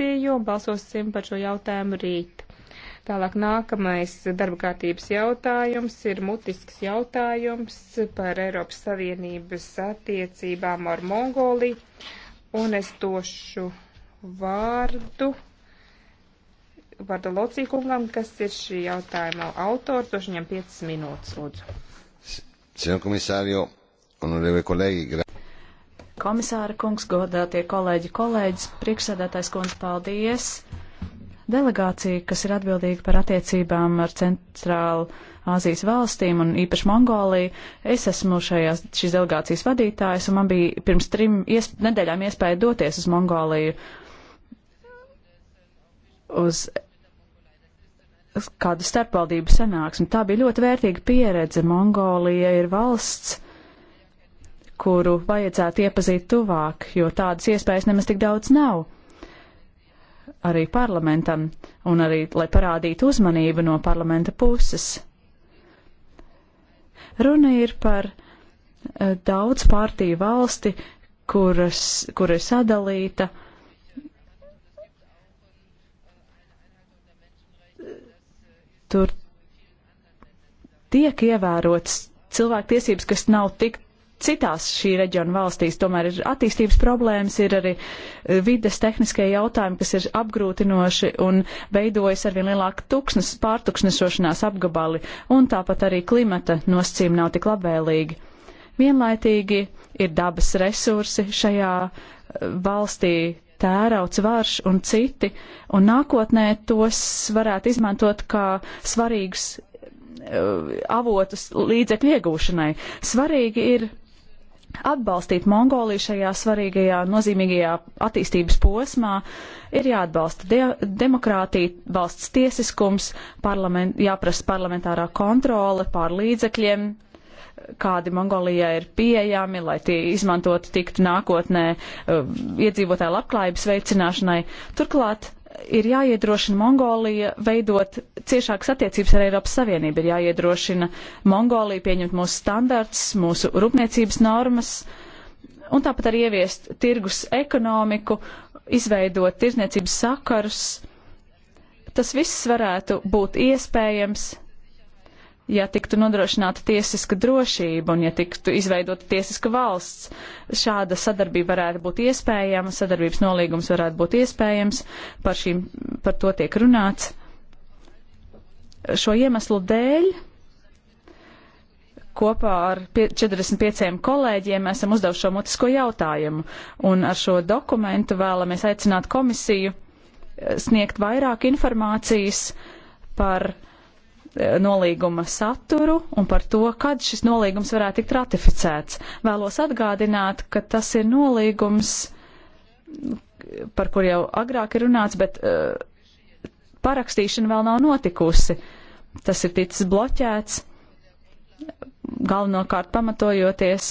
komisiju. Balsosim par šo jautājumu rīt. Tālāk nākamais darba kārtības jautājums ir mutisks jautājums par Eiropas Savienības attiecībām ar Mongoliju. Un es došu vārdu. Vārda Locīkungam, kas ir šī jautājuma autors, došu viņam 5 minūtes, lūdzu. Signor komisārio, onorevoli kolēģi, Komisāra kungs, godātie kolēģi, kolēģis, priekšsēdētājs kundze, paldies! Delegācija, kas ir atbildīga par attiecībām ar Centrālu Āzijas valstīm un īpaši Mongoliju, es esmu šajās, šīs delegācijas vadītājs un man bija pirms trim iesp nedēļām iespēja doties uz Mongoliju uz kādu starpvaldību sanāksmi. Tā bija ļoti vērtīga pieredze. Mongolija ir valsts kuru vajadzētu iepazīt tuvāk, jo tādas iespējas nemaz tik daudz nav. Arī parlamentam, un arī, lai parādītu uzmanību no parlamenta puses. Runa ir par eh, daudz pārtīju valsti, kuras, kur ir sadalīta. Tur tiek ievērotas cilvēktiesības, kas nav tik citās šī reģiona valstīs tomēr ir attīstības problēmas, ir arī eh, vides tehniskie jautājumi, kas ir apgrūtinoši un veidojas arvien lielāka tuksnes, pārtuksnesošanās apgabali, un tāpat arī klimata nosacījumi nav tik labvēlīgi. Vienlaitīgi ir dabas resursi šajā eh, valstī, tērauds, varš un citi, un nākotnē tos varētu izmantot kā svarīgus eh, avotus līdzekļu iegūšanai. Svarīgi ir Atbalstīt Mongoliju šajā svarīgajā, nozīmīgajā attīstības posmā ir jāatbalsta de demokrātija, valsts tiesiskums, parlament jāprasa parlamentārā kontrole pār līdzekļiem, kādi Mongolijā ir pieejami, lai tie izmantot tiktu nākotnē uh, iedzīvotāju labklājības veicināšanai. Turklāt ir jāiedrošina Mongolija veidot ciešākas attiecības ar Eiropas Savienību, ir jāiedrošina Mongolija pieņemt mūsu standarts, mūsu rūpniecības normas un tāpat arī ieviest tirgus ekonomiku, izveidot tirzniecības sakarus. Tas viss varētu būt iespējams ja tiktu nodrošināta tiesiska drošība un ja tiktu izveidota tiesiska valsts. Šāda sadarbība varētu būt iespējama, sadarbības nolīgums varētu būt iespējams, par, šīm, par to tiek runāts. Šo iemeslu dēļ kopā ar 45 kolēģiem esam uzdevuši šo mutisko jautājumu un ar šo dokumentu vēlamies aicināt komisiju eh, sniegt vairāk informācijas par uh, nolīguma saturu un par to, kad šis nolīgums varētu tikt ratificēts. Vēlos atgādināt, ka tas ir nolīgums, par kur jau agrāk ir runāts, bet uh, parakstīšana vēl nav notikusi. Tas ir ticis bloķēts, galvenokārt pamatojoties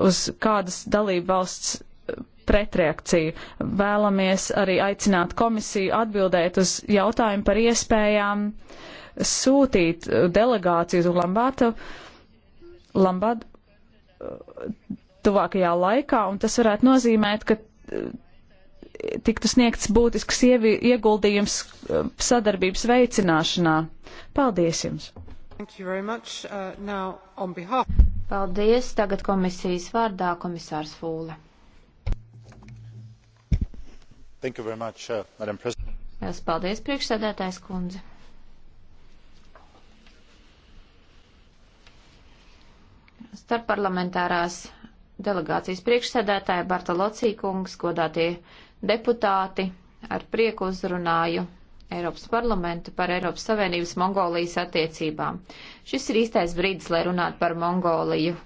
uz kādas dalību valsts eh, pretreakciju. Vēlamies arī aicināt komisiju atbildēt uz jautājumu par iespējām uh, sūtīt uh, delegāciju uz Lambātu, Lambādu uh, tuvākajā laikā, un tas varētu nozīmēt, ka uh, tiktu sniegts būtisks ievi, ieguldījums sadarbības veicināšanā. Paldies jums! Uh, now, behalf... Paldies! Tagad komisijas vārdā komisārs Fūle. Much, uh, paldies, priekšsēdētājs kundze! starpparlamentārās delegācijas priekšsēdētāja Barta Locīkungs, godātie deputāti, ar prieku uzrunāju Eiropas parlamentu par Eiropas Savienības Mongolijas attiecībām. Šis ir īstais brīdis, lai runātu par Mongoliju,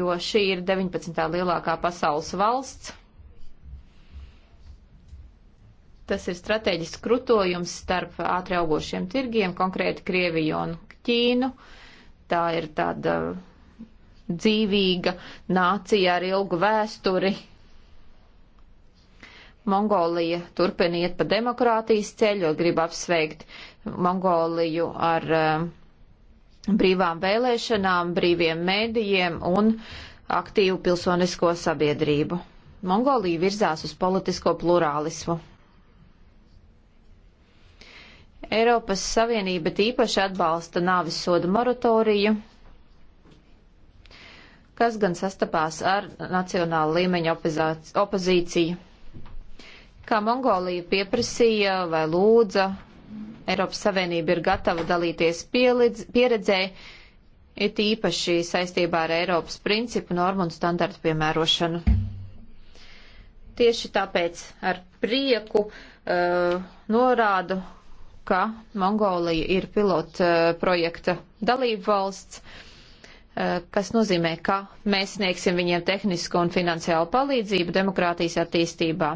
jo šī ir 19. lielākā pasaules valsts. Tas ir strateģisks krutojums starp ātri augošiem tirgiem, konkrēti Krieviju un Ķīnu. Tā ir tāda dzīvīga nācija ar ilgu vēsturi. Mongolija turpina iet pa demokrātijas ceļu, grib apsveikt Mongoliju ar um, brīvām vēlēšanām, brīviem mēdījiem un aktīvu pilsonisko sabiedrību. Mongolija virzās uz politisko plurālismu. Eiropas Savienība tīpaši atbalsta nāvis soda moratoriju kas gan sastapās ar nacionālu līmeņa opozīciju. Kā Mongolija pieprasīja vai lūdza, Eiropas Savienība ir gatava dalīties pieredzē, it īpaši saistībā ar Eiropas principu normu un standartu piemērošanu. Tieši tāpēc ar prieku uh, norādu, ka Mongolija ir pilota uh, projekta dalība valsts. Uh, Eh, kas nozīmē, ka mēs sniegsim viņiem tehnisku un finansiālu palīdzību demokrātijas attīstībā.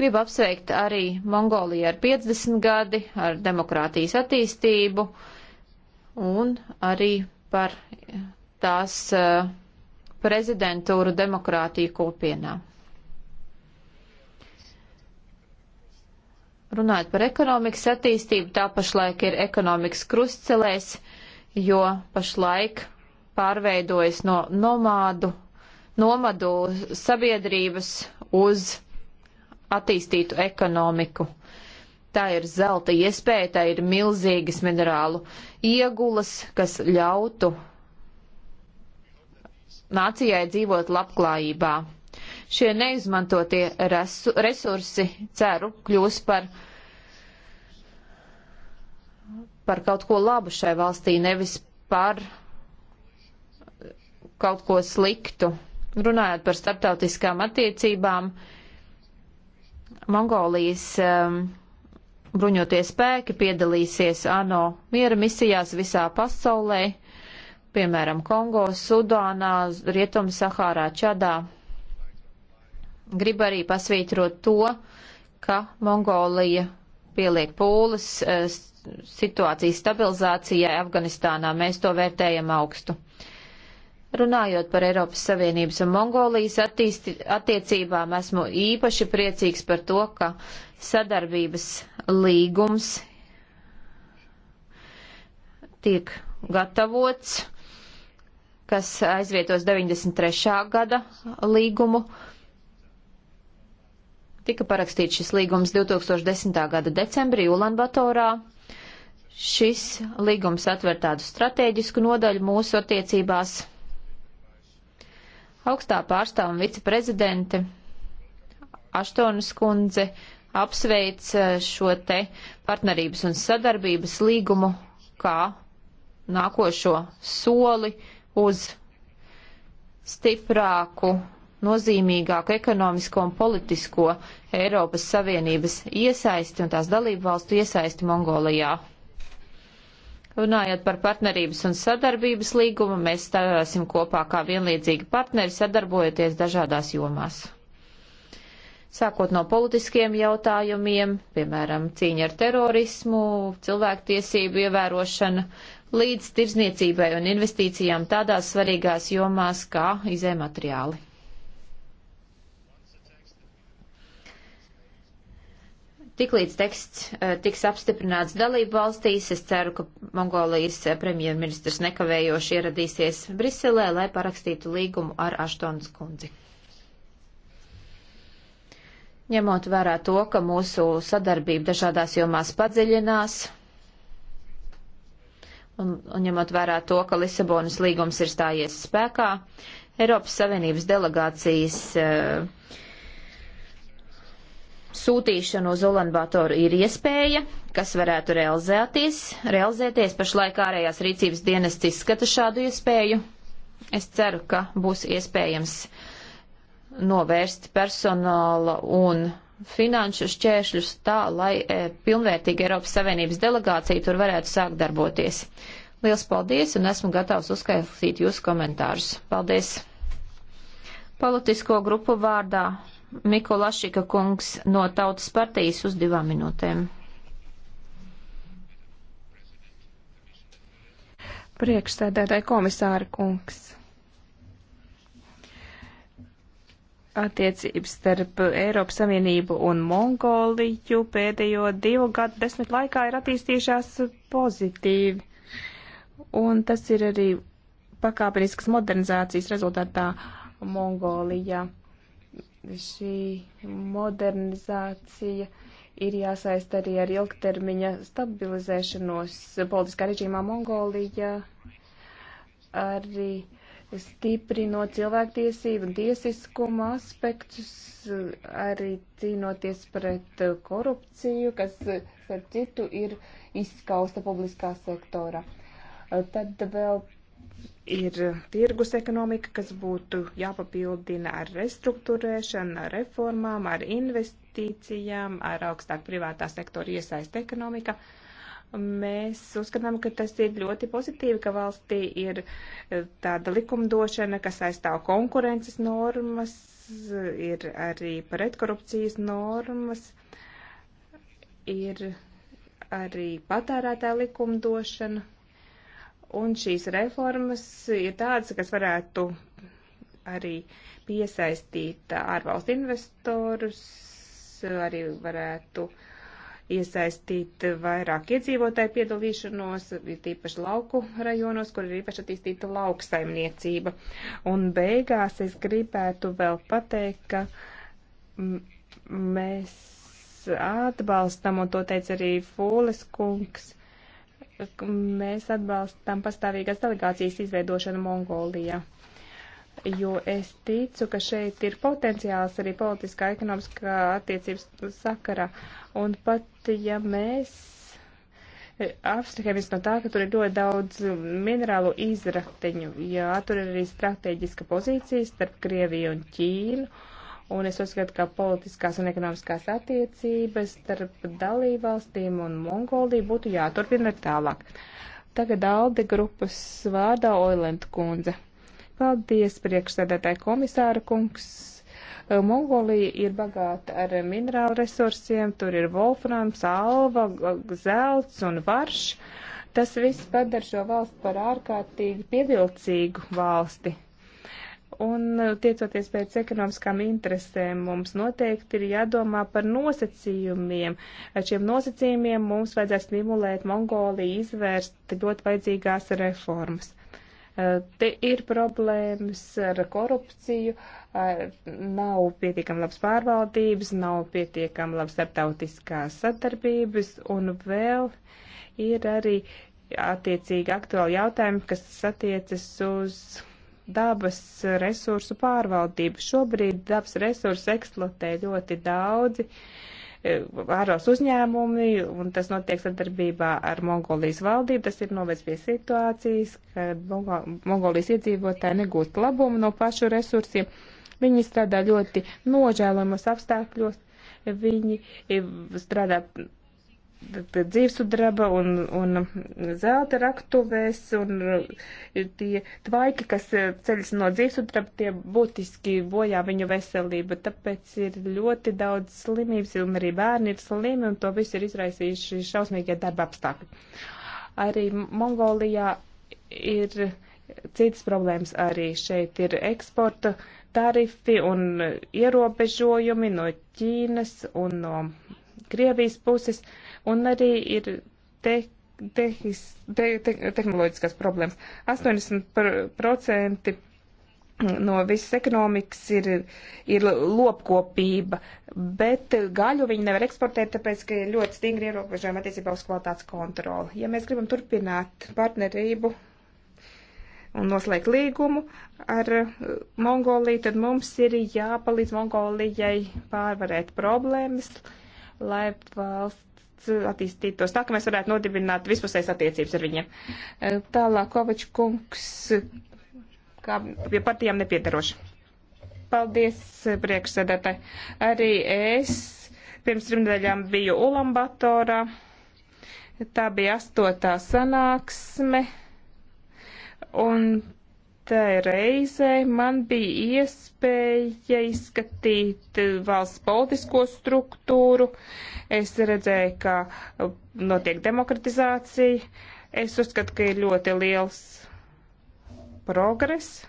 Gribu apsveikt arī Mongoliju ar 50 gadi, ar demokrātijas attīstību un arī par tās eh, prezidentūru demokrātiju kopienā. Runājot par ekonomikas attīstību, tā pašlaik ir ekonomikas krustcelēs jo pašlaik pārveidojas no nomādu, nomadu sabiedrības uz attīstītu ekonomiku. Tā ir zelta iespēja, tā ir milzīgas minerālu iegulas, kas ļautu nācijai dzīvot labklājībā. Šie neizmantotie resursi, ceru, kļūs par par kaut ko labu šai valstī, nevis par kaut ko sliktu. Runājot par starptautiskām attiecībām, Mongolijas um, bruņotie spēki piedalīsies ANO miera misijās visā pasaulē, piemēram, Kongo, Sudānā, Rietum Sahārā, Čadā. Gribu arī pasvītrot to, ka Mongolija pieliek pūles eh, situācijas stabilizācijai Afganistānā. Mēs to vērtējam augstu. Runājot par Eiropas Savienības un Mongolijas attīsti, attiecībām, esmu īpaši priecīgs par to, ka sadarbības līgums tiek gatavots, kas aizvietos 93. gada līgumu. Uh, Tika parakstīts šis līgums 2010. gada decembrī Ulanbatorā. Šis līgums atver tādu strateģisku nodaļu mūsu attiecībās. Augstā pārstāva un viceprezidente Aštonas kundze apsveic eh, šo te partnerības un sadarbības līgumu kā nākošo soli uz stiprāku nozīmīgāku ekonomisko un politisko Eiropas Savienības iesaisti un tās dalību valstu iesaisti Mongolijā. Runājot par partnerības un sadarbības līgumu, mēs strādāsim kopā kā vienlīdzīgi partneri, sadarbojoties dažādās jomās. Sākot no politiskiem jautājumiem, piemēram, cīņa ar terorismu, cilvēktiesību ievērošana, līdz tirzniecībai un investīcijām tādās svarīgās jomās kā izēmateriāli. Tiklīdz teksts eh, tiks apstiprināts dalību valstīs, es ceru, ka Mongolijas eh, premjerministrs nekavējoši ieradīsies Briselē, lai parakstītu līgumu ar Aštonas kundzi. Ņemot vērā to, ka mūsu sadarbība dažādās jomās padziļinās, un, un ņemot vērā to, ka Lisabonas līgums ir stājies spēkā, Eiropas Savienības delegācijas uh, sūtīšana uz Ulanbātoru ir iespēja, kas varētu realizēties. realizēties. Pašlaik ārējās rīcības dienests izskata šādu iespēju. Es ceru, ka būs iespējams novērst personāla un finanšu šķēršļus tā, lai e, pilnvērtīga Eiropas Savienības delegācija tur varētu sākt darboties. Liels paldies un esmu gatavs uzskaitīt jūsu komentārus. Paldies! Politisko grupu vārdā Mikolašika kungs no Tautas partijas uz divām minūtēm. Priekšsēdētāji komisāri kungs. Attiecības starp Eiropas Savienību un Mongoliju pēdējo divu gadu desmit laikā ir attīstījušās pozitīvi. Un tas ir arī pakāpeniskas modernizācijas rezultātā Mongolijā šī modernizācija ir jāsaist arī ar ilgtermiņa stabilizēšanos politiskā režīmā Mongolija, arī stiprinot cilvēktiesību un tiesiskuma aspektus, arī cīnoties pret korupciju, kas, starp citu, ir izskausta publiskā sektora. Tad vēl ir tirgus ekonomika, kas būtu jāpapildina ar restruktūrēšanu, ar reformām, ar investīcijām, ar augstāk privātā sektora iesaist ekonomikā. Mēs uzskatām, ka tas ir ļoti pozitīvi, ka valstī ir eh, tāda likumdošana, kas aizstāv konkurences normas, ir arī pretkorupcijas normas, ir arī patērētā likumdošana Un šīs reformas ir tādas, kas varētu arī piesaistīt ārvalstu investorus, arī varētu iesaistīt vairāk iedzīvotāju piedalīšanos, tīpaši lauku rajonos, kur ir īpaši attīstīta lauksaimniecība. Un beigās es gribētu vēl pateikt, ka mēs atbalstam, un to teica arī Fūles kungs, mēs atbalstam pastāvīgās delegācijas izveidošanu Mongolijā. Jo es ticu, ka šeit ir potenciāls arī politiskā, ekonomiskā attiecības sakara. Un pat ja mēs eh, apstrihēmies no tā, ka tur ir ļoti daudz minerālu izrakteņu, jā, tur ir arī strateģiska pozīcija starp Krieviju un Ķīnu. Uh, Un es uzskatu, ka politiskās un ekonomiskās attiecības starp dalībvalstīm un Mongoliju būtu jāturpina tālāk. Tagad Alde grupas vārdā Oilent kundze. Paldies, priekšsēdētāji komisāra kungs. Mongolija ir bagāta ar minerālu resursiem, tur ir volframs, alva, zelts un varš. Tas viss padara šo valstu par ārkārtīgi pievilcīgu valsti. Un eh, tiecoties pēc ekonomiskām interesēm, mums noteikti ir jādomā par nosacījumiem. Ar šiem nosacījumiem mums vajadzēs stimulēt Mongoliju izvērst ļoti vajadzīgās reformas. Eh, te ir problēmas ar korupciju, nav pietiekami labas pārvaldības, nav pietiekami labas starptautiskās sadarbības un vēl ir arī attiecīgi aktuāli jautājumi, kas attiecas uz dabas resursu pārvaldību. Šobrīd dabas resursu eksploatē ļoti daudzi ārvalstu e, uzņēmumi, un tas notiek sadarbībā ar Mongolijas valdību. Tas ir novērts pie situācijas, ka Mongolijas iedzīvotāji negūst labumu no pašu resursiem. Viņi strādā ļoti nožēlojamos apstākļos. Viņi e, strādā pie dzīvesudraba un, un zelta raktuvēs, un tie tvaiki, kas ceļas no dzīvesudraba, tie būtiski bojā viņu veselību, tāpēc ir ļoti daudz slimības, un arī bērni ir slimi, un to visu ir izraisījuši šausmīgie darba apstākļi. Arī Mongolijā ir citas problēmas arī šeit ir eksporta tarifi un ierobežojumi no Ķīnas un no Krievijas puses. Uh, un arī ir te, tehis, te, te, tehnoloģiskās problēmas. 80% no visas ekonomikas ir, ir lopkopība, bet gaļu viņi nevar eksportēt, tāpēc, ka ir ļoti stingri ierobežojumi attiecībā uz kvalitātes kontroli. Ja mēs gribam turpināt partnerību un noslēgt līgumu ar Mongoliju, tad mums ir jāpalīdz Mongolijai pārvarēt problēmas, lai valsts attīstītos tā, ka mēs varētu nodibināt vispusējas attiecības ar viņiem. Eh, tālāk, Kovač kungs, kā pie partijām nepiedaroši. Paldies, eh, priekšsēdētāji. Arī es pirms trimdēļām biju Ulambatorā. Tā bija astotā sanāksme. Un reizē man bija iespēja izskatīt valsts politisko struktūru. Es redzēju, ka notiek demokratizācija. Es uzskatu, ka ir ļoti liels progress.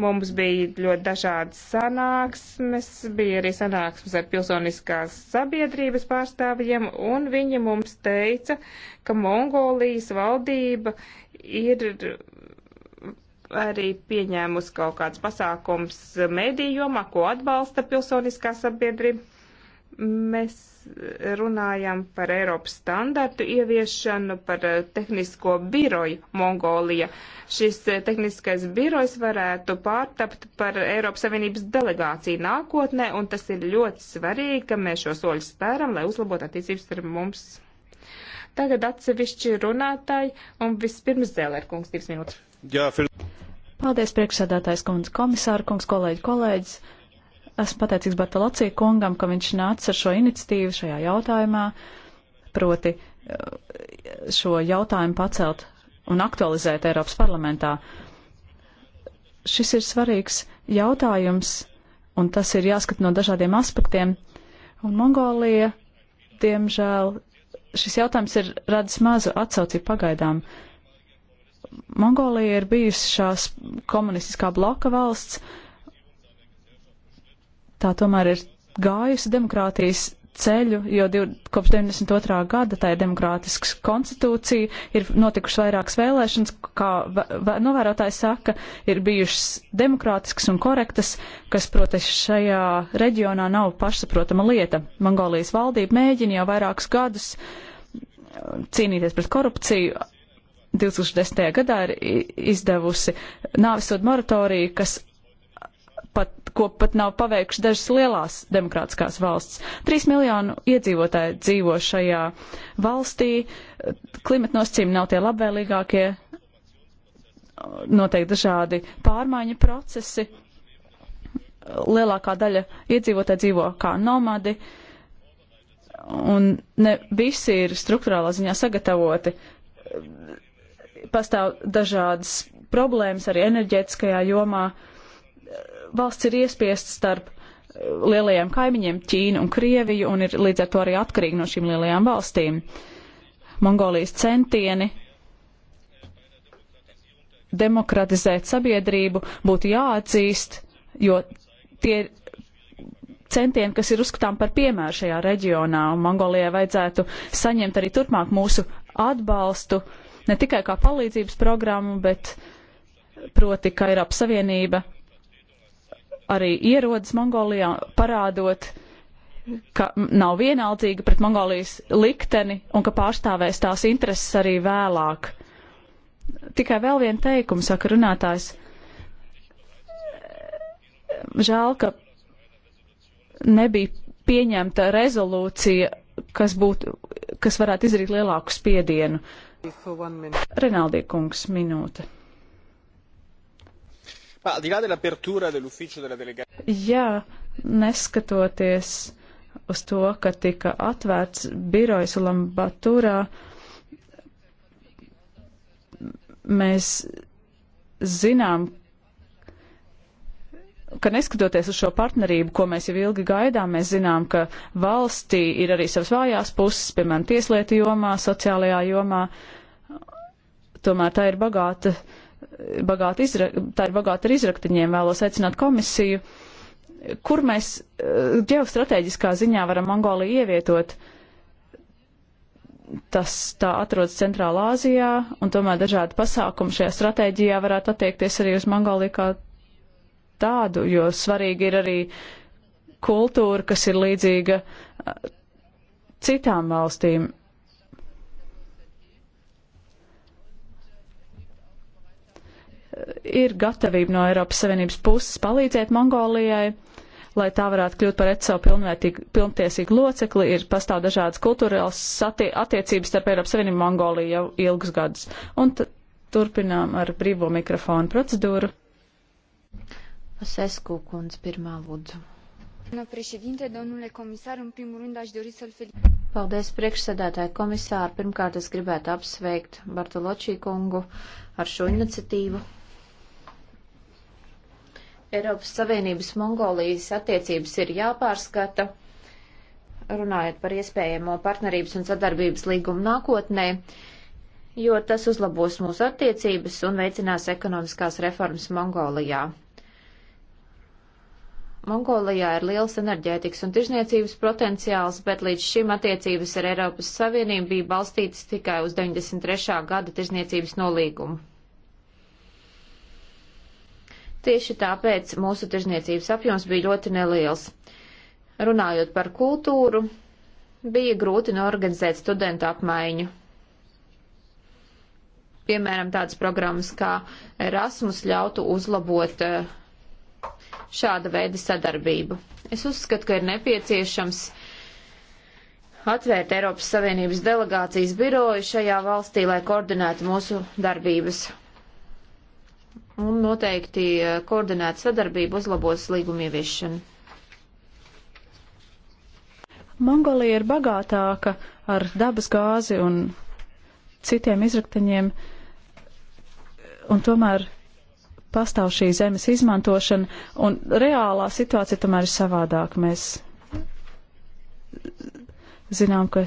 Mums bija ļoti dažādas sanāksmes, bija arī sanāksmes ar pilsoniskās sabiedrības pārstāvjiem, un viņi mums teica, ka Mongolijas valdība ir arī pieņēmusi kaut kāds pasākums medijumā, ko atbalsta pilsoniskā sabiedrība. Mēs runājam par Eiropas standartu ieviešanu, par eh, tehnisko biroju Mongolija. Šis eh, tehniskais birojs varētu pārtapt par Eiropas Savienības delegāciju nākotnē, un tas ir ļoti svarīgi, ka mēs šo soļu spēram, lai uzlabotu attiecības ar mums. Tagad atsevišķi runātāji, un vispirms Zēlērkungs divas minūtes. Jā, fir... Paldies, priekšsēdētājs kundze, komisāra kungs, kolēģi, kolēģis. Esmu pateicīgs Bartolocija kungam, ka viņš nāca ar šo iniciatīvu šajā jautājumā, proti eh, šo jautājumu pacelt un aktualizēt Eiropas parlamentā. Šis ir svarīgs jautājums, un tas ir jāskat no dažādiem aspektiem. Un Mongolija, diemžēl, šis jautājums ir radis mazu atsauci pagaidām. Uh, Mongolija ir bijusi šās komunistiskā bloka valsts. Tā tomēr ir gājusi demokrātijas ceļu, jo div, kopš 92. gada tā ir demokrātisks konstitūcija, ir notikušas vairākas vēlēšanas, kā novērotāji saka, ir bijušas demokrātiskas un korektas, kas, protams, šajā reģionā nav pašsaprotama lieta. Mongolijas valdība mēģina jau vairākus gadus uh, cīnīties pret korupciju, 2010. gadā ir izdevusi nāvisodu moratoriju, kas pat, ko pat nav paveikuši dažas lielās demokrātiskās valsts. Trīs miljonu iedzīvotāji dzīvo šajā valstī, klimata nosacījumi nav tie labvēlīgākie, notiek dažādi pārmaiņu procesi, lielākā daļa iedzīvotāji dzīvo kā nomadi, un ne visi ir struktūrālā ziņā sagatavoti pastāv dažādas problēmas arī enerģētiskajā jomā. Valsts ir iespiests starp uh, lielajiem kaimiņiem Ķīnu un Krieviju un ir līdz ar to arī atkarīgi no šīm lielajām valstīm. Mongolijas centieni demokratizēt sabiedrību būtu jāatzīst, jo tie ir centieni, kas ir uzskatām par piemēru šajā reģionā, un Mongolijai vajadzētu saņemt arī turpmāk mūsu atbalstu uh, ne tikai kā palīdzības programmu, bet proti, ka Eiropas Savienība arī ierodas Mongolijā, parādot, ka nav vienaldzīga pret Mongolijas likteni un ka pārstāvēs tās intereses arī vēlāk. Tikai vēl vienu teikumu saka runātājs. Žēl, ka nebija pieņemta rezolūcija, kas, būtu, kas varētu izdarīt lielāku spiedienu. Uh, Renaldī kungs, minūte. Jā, neskatoties uz to, ka tika atvērts birojas Lambatūrā, mēs zinām, ka neskatoties uz šo partnerību, ko mēs jau ilgi gaidām, mēs zinām, ka valstī ir arī savas vājās puses, piemēram, tieslietu jomā, sociālajā jomā. Tomēr tā ir bagāta, bagāta, izra, tā ir bagāta ar izraktiņiem. Vēlos aicināt komisiju, kur mēs eh, ģeostrateģiskā ziņā varam Mongoliju ievietot. Tas tā atrodas Centrālā Āzijā, un tomēr dažādi pasākumi šajā stratēģijā varētu attiekties arī uz Mongoliju kā tādu, jo svarīgi ir arī kultūra, kas ir līdzīga citām valstīm. Ir gatavība no Eiropas Savienības puses palīdzēt Mongolijai, lai tā varētu kļūt par ECO pilntiesīgu locekli. Ir pastāv dažādas kultūrāls attiecības starp Eiropas Savienību un Mongoliju jau ilgus gadus. Un turpinām ar brīvo mikrofonu procedūru. Pasescu Kunz, pirmā lūdzu. Paldies, priekšsēdētāji komisāri. Pirmkārt, es gribētu apsveikt Bartoločī kungu ar šo iniciatīvu. Eiropas Savienības Mongolijas attiecības ir jāpārskata, runājot par iespējamo partnerības un sadarbības līgumu nākotnē, jo tas uzlabos mūsu attiecības un veicinās ekonomiskās reformas Mongolijā. Mongolijā ir liels enerģētikas un tirzniecības potenciāls, bet līdz šim attiecības ar Eiropas Savienību bija balstītas tikai uz 93. gada tirzniecības nolīgumu. Tieši tāpēc mūsu tirzniecības apjoms bija ļoti neliels. Runājot par kultūru, bija grūti norganizēt studentu apmaiņu. Piemēram, tādas programmas kā Erasmus ļautu uzlabot uh, šāda veida sadarbību. Es uzskatu, ka ir nepieciešams atvērt Eiropas Savienības delegācijas biroju šajā valstī, lai koordinētu mūsu darbības. Un noteikti eh, koordinēta sadarbība uzlabos līguma ieviešanu. Mongolija ir bagātāka ar dabas gāzi un citiem izraktaņiem, un tomēr pastāv šī zemes izmantošana, un reālā situācija tomēr ir savādāka. Mēs zinām, ka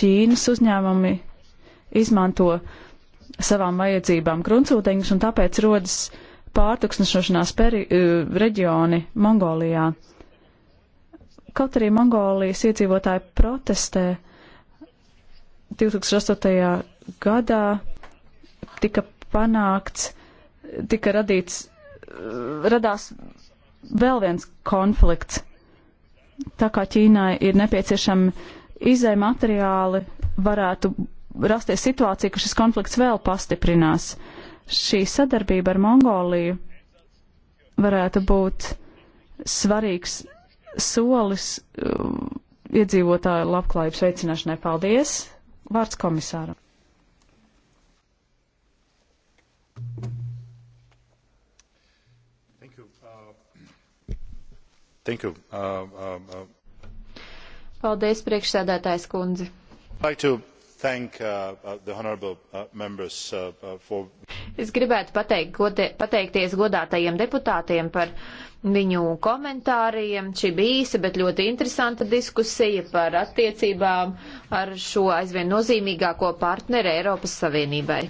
Ķīnas uzņēmumi izmanto savām vajadzībām gruntsūdeņus, un tāpēc rodas pārtuksnešošanās eh, reģioni Mongolijā. Kaut arī Mongolijas iedzīvotāji protestē 2008. gadā tika panākts tika radīts, radās vēl viens konflikts. Tā kā Ķīnai ir nepieciešami izēja materiāli, varētu rasties situācija, ka šis konflikts vēl pastiprinās. Šī sadarbība ar Mongoliju varētu būt svarīgs solis um, iedzīvotāju labklājības veicināšanai. Paldies! Vārds komisāram. Thank you. Uh, uh, uh. Paldies, priekšsēdētājs kundze. Like to thank uh, uh, the honorable uh, members uh, uh, for. Es gribētu pateikt, gode, pateikties godātajiem deputātiem par viņu komentāriem. Šī bija īsa, bet ļoti interesanta diskusija par attiecībām ar šo aizvien nozīmīgāko partneri Eiropas Savienībai.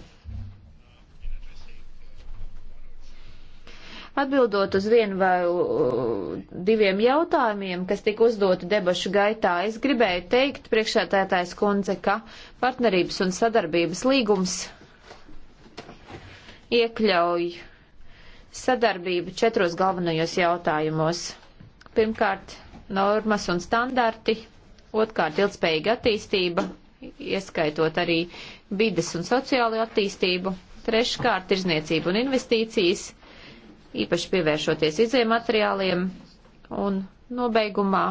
Atbildot uz vienu vai diviem jautājumiem, kas tika uzdoti debašu gaitā, es gribēju teikt priekšētētājs kundze, ka partnerības un sadarbības līgums iekļauj sadarbību četros galvenajos jautājumos. Pirmkārt, normas un standarti, otrkārt, ilgspējīga attīstība, ieskaitot arī vides un sociālo attīstību, treškārt, tirzniecību un investīcijas, īpaši pievēršoties izējumateriāliem. Un nobeigumā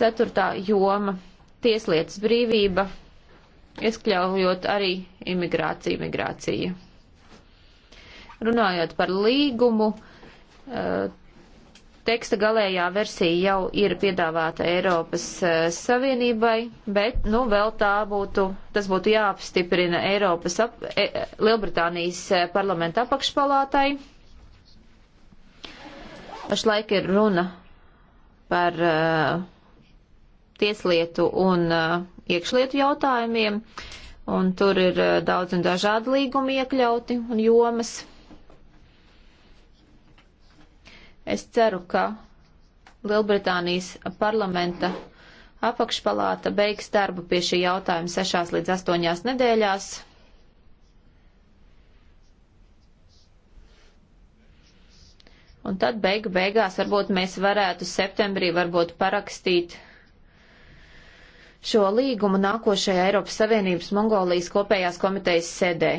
ceturtā joma - tieslietas brīvība, ieskļaujot arī imigrāciju, imigrāciju. Runājot par līgumu, eh, teksta galējā versija jau ir piedāvāta Eiropas eh, Savienībai, bet, nu, vēl tā būtu, tas būtu jāapstiprina Eiropas, ap, e, e Lielbritānijas eh, parlamenta apakšpalātai. Pašlaik ir runa par uh, tieslietu un uh, iekšlietu jautājumiem, un tur ir uh, daudz un dažādi līgumi iekļauti un jomas. Es ceru, ka Lielbritānijas parlamenta apakšpalāta beigs darbu pie šī jautājuma sešās līdz astoņās nedēļās. Un tad beigu beigās varbūt mēs varētu septembrī varbūt parakstīt šo līgumu nākošajā Eiropas Savienības Mongolijas kopējās komitejas sēdē.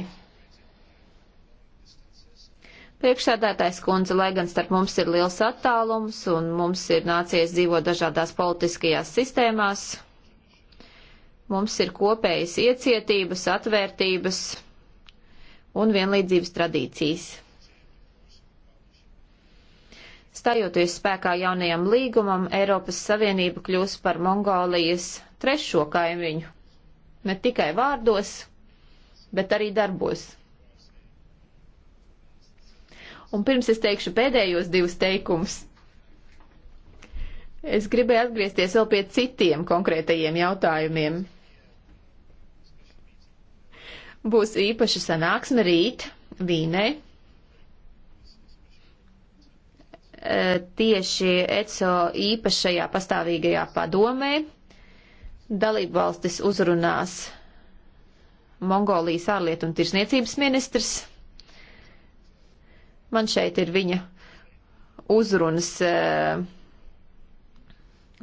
Priekšsēdētājs kundze, lai gan starp mums ir liels attālums un mums ir nācies dzīvot dažādās politiskajās sistēmās, mums ir kopējas iecietības, atvērtības un vienlīdzības tradīcijas. Stājoties spēkā jaunajam līgumam, Eiropas Savienība kļūs par Mongolijas trešo kaimiņu. Ne tikai vārdos, bet arī darbos. Un pirms es teikšu pēdējos divus teikumus, es gribēju atgriezties vēl pie citiem konkrētajiem jautājumiem. Būs īpaša sanāksme rīt Vīnei E, tieši ECO īpašajā pastāvīgajā padomē. Dalību valstis uzrunās Mongolijas ārlietu un tirsniecības ministrs. Man šeit ir viņa uzrunas, e,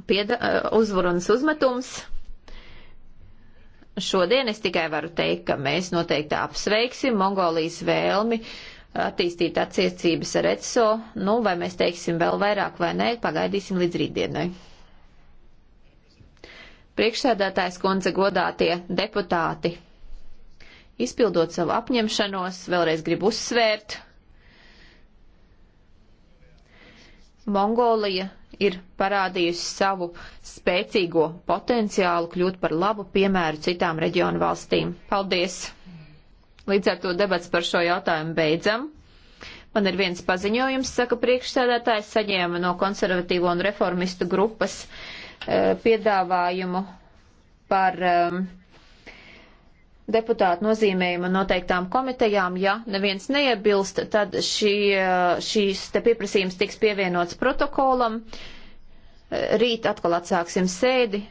pieda, e, uzrunas uzmetums. Šodien es tikai varu teikt, ka mēs noteikti apsveiksim Mongolijas vēlmi uh, attīstīt attiecības ar ECO, nu, vai mēs teiksim vēl vairāk vai nē, pagaidīsim līdz rītdienai. Priekšsēdētājs kundze godātie deputāti. Izpildot savu apņemšanos, vēlreiz gribu uzsvērt. Mongolija ir parādījusi savu spēcīgo potenciālu kļūt par labu piemēru citām reģionu valstīm. Paldies! Līdz ar to debats par šo jautājumu beidzam. Man ir viens paziņojums, saka priekšsēdētājs, saņēma no konservatīvo un reformistu grupas uh, piedāvājumu par um, deputātu nozīmējumu noteiktām komitejām. Ja neviens neiebilst, tad šī, eh, šīs te pieprasījums tiks pievienots protokolam. Eh, rīt atkal atsāksim sēdi.